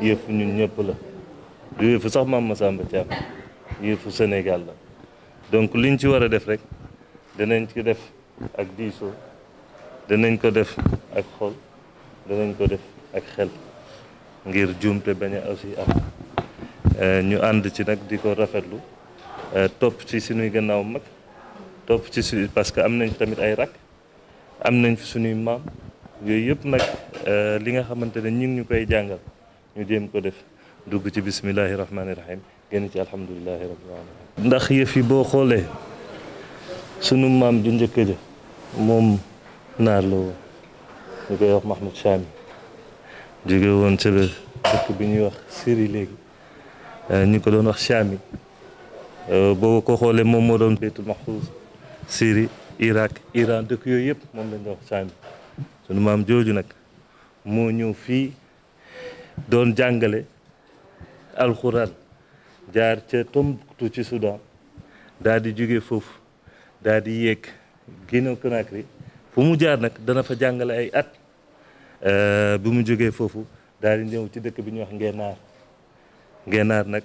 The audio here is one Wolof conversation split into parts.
yëfu ñun ñëpp la du yëfu sax maam Massamba Thiam yëfu Sénégal la donc liñ ci war a def rek danañ ci def ak diisoo danañ ko def ak xol danañ ko def ak xel ngir juumte bañ a am euh, ñu ànd ci nag di ko rafetlu euh, topp ci suñuy gannaaw mag topp ci su parce que am nañ tamit ay rakk am nañ fi suñuy maam yooyu yëpp nag euh, li nga xamante ne ñu ngi ñu koy jàngal ñu jéem ko def dugg ci bismillahi rahmaani rahim génn ci alhamdulilahi rabbil alamin ndax yëf yi boo xoole sunu maam ju njëkk ja moom naar la woon ñu koy wax Mahmoud Chami jóge woon ca bi ñuy wax Syrie léegi euh, ñu ko doon wax Chami euh, boo ko xoolee moom moo doon Baytul Mahfuz Syrie Irak iraan dëkk yooyu yëpp moom lañ doon wax sànni sunu maam jooju nag moo ñëw fii doon jàngale alxuraan jaar ca Tombouctou ci Soudan daal di jóge foofu daal di yéeg Guinée Conakry fu mu jaar nag dana fa jàngale ay at euh, bi mu jógee foofu daal di ñëw ci dëkk bi ñuy wax Ngenaar Ngenaar nag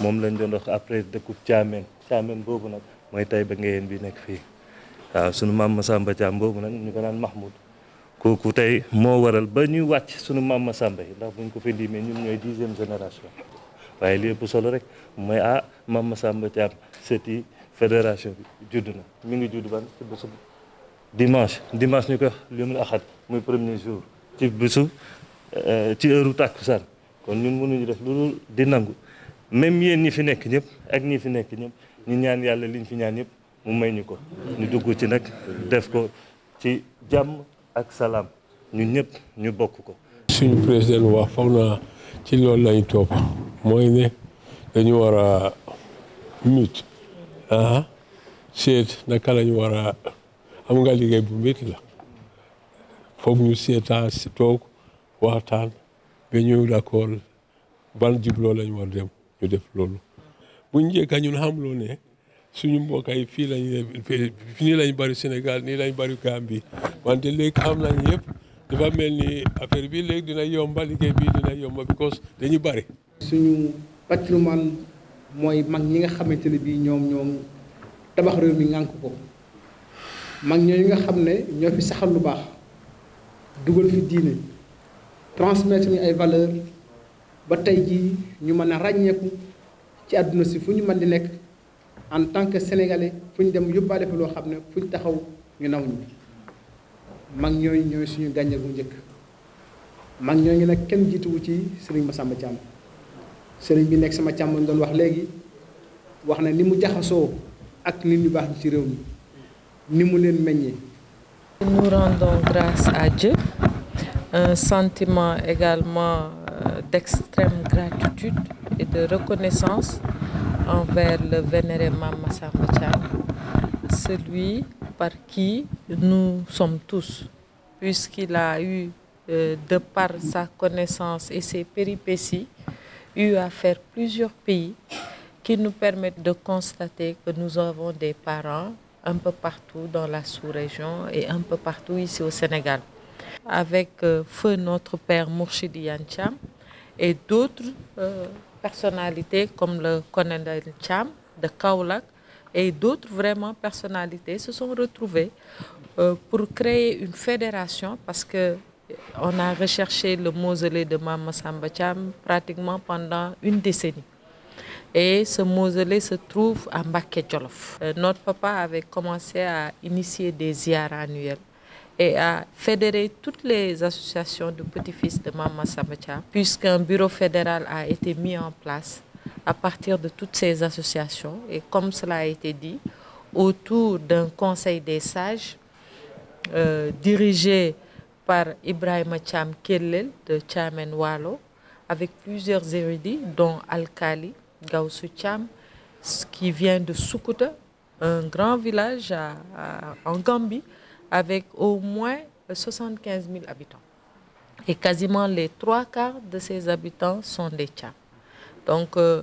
moom lañ doon wax après dëkku Caameen Caameen boobu nag mooy tay ba ngeen bi nekk fii waaw sunu maam Masamba Thiam boobu nag ñu ko naan Mahmoud kooku tey moo waral ba ñuy wàcc sunu maam Masamba yi ndax buñ ko fi limee ñun ñooy dixième génération waaye li ëpp solo rek mooy ah maam Masamba Thiam fédération bi judd na mi ngi judd ban ci bésu dimanche dimanche ñu ko limul axat muy premier jour ci bésu euh, ci heure tàkkusaan kon ñu ñun mënuñu def lu di nangu même yéen ñi fi nekk ñëpp ak ñi fi nekk ñëpp ñu ñaan yàlla liñ fi ñaan ñëpp mu may nu ko ñu dugg ci nag def ko ci jàmm ak salaam ñu ñëpp ñu bokk ko suñu président wax foog naa ci lool lañ topp mooy ne dañu war a mit ah seet naka lañ war a am nga bu métti la foog ñu seetaa si toog waxtaan ba ñu d'accord ban jubloo lañ war dem ñu def loolu bu njëkk a ñun xam loo ne suñu mbokk yi fii lañ nii lañ bari Sénégal nii lañ bari Gambie wante léegi am nañ yëpp dafa mel ni affaire bi léegi dina yomba liggéey bi dina yomba because dañu bari. suñu lu patrimoine mooy mag ñi nga xamante ne bii ñoom ñoom tabax réew mi ko mag ñooñu nga xam ne ñoo fi saxal lu baax dugal fi diine transmettre ñu ay valeur ba tey jii ñu mën a ràññeeku ci àdduna si fu ñu mën di nekk. en tant que sénégalais fu ñu dem yóbbaale fi loo xam ne fu ñu taxaw ñu naw ñu mag ñooñu ñooy suñu gàññe bu njëkk mag ñooñu nag kenn jiituwu ci sëriñ Massamba càmm sëriñ bi nekk sama càmmoñ doon wax léegi wax na ni mu jaxasoo ak nit ñu baax ñi ci réew mi ni mu leen meññee. nous rendons grâce à sentiment également euh, d'extrême gratitude et de reconnaissance envers le vénéré Mama Sambachan, celui par qui nous sommes tous, puisqu'il a eu, euh, de par sa connaissance et ses péripéties, eu à faire plusieurs pays qui nous permettent de constater que nous avons des parents un peu partout dans la sous-région et un peu partout ici au Sénégal. Avec euh, feu notre père Mourchidi Yancham et d'autres euh, personnalités comme le colonel Cham de Kaolack et d'autres vraiment personnalités se sont retrouvées euh, pour créer une fédération parce que euh, on a recherché le mausolée de Mama Samba Cham pratiquement pendant une décennie. Et ce mausolée se trouve à Mbaké Djolof. Euh, notre papa avait commencé à initier des ziyaras annuels. et à fédérer toutes les associations de petits-fils de Mama Samacha, puisqu'un bureau fédéral a été mis en place à partir de toutes ces associations. Et comme cela a été dit, autour d'un conseil des sages euh, dirigé par Ibrahima Cham Kellel de Chamen Walo, avec plusieurs érudits, dont Al-Khali, Gaussou Cham, qui vient de Soukouta, un grand village à, à, en Gambie, avec au moins 75 000 habitants. Et les trois quarts de ses habitants sont des Tchad. Donc, euh,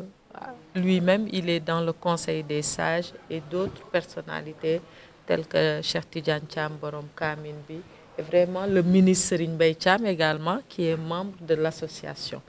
lui-même, il dans le Conseil des sages et d'autres personnalités telles que Cheikh Tidiane Cham, Borom Kaminbi, et vraiment le ministre Serigne Mbaye Thiam également qui est membre de l'association.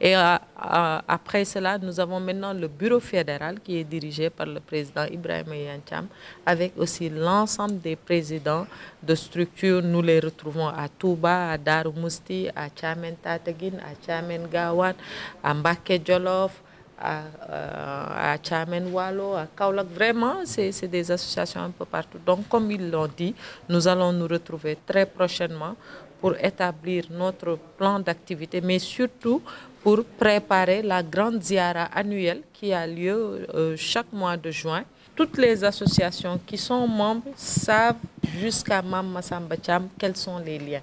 Et à, euh, à, euh, après cela, nous avons maintenant le bureau fédéral qui est dirigé par le président Ibrahima Yane Thiam avec aussi l'ensemble des présidents de structures. Nous les retrouvons à Touba, à Darou Mousti, à Thiamène Tataguine, à Thiamène Gawane, à Mbacké Djolof. à, euh, à Tchamen Wallo, à Kaolak. Vraiment, c'est des associations un peu partout. Donc, comme ils l'ont dit, nous allons nous retrouver très prochainement pour établir notre plan d'activité, mais surtout pour préparer la grande ziara annuelle qui a lieu euh, chaque mois de juin. Toutes les associations qui sont membres savent jusqu'à Mam Massamba quels sont les liens.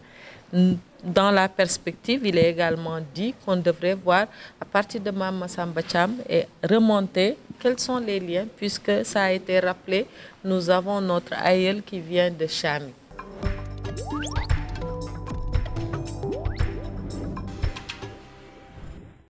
Dans la perspective, il est également dit qu'on devrait voir à partir de Mame Massamba et remonter quels sont les liens puisque ça a été rappelé, nous avons notre aïeul qui vient de Chami.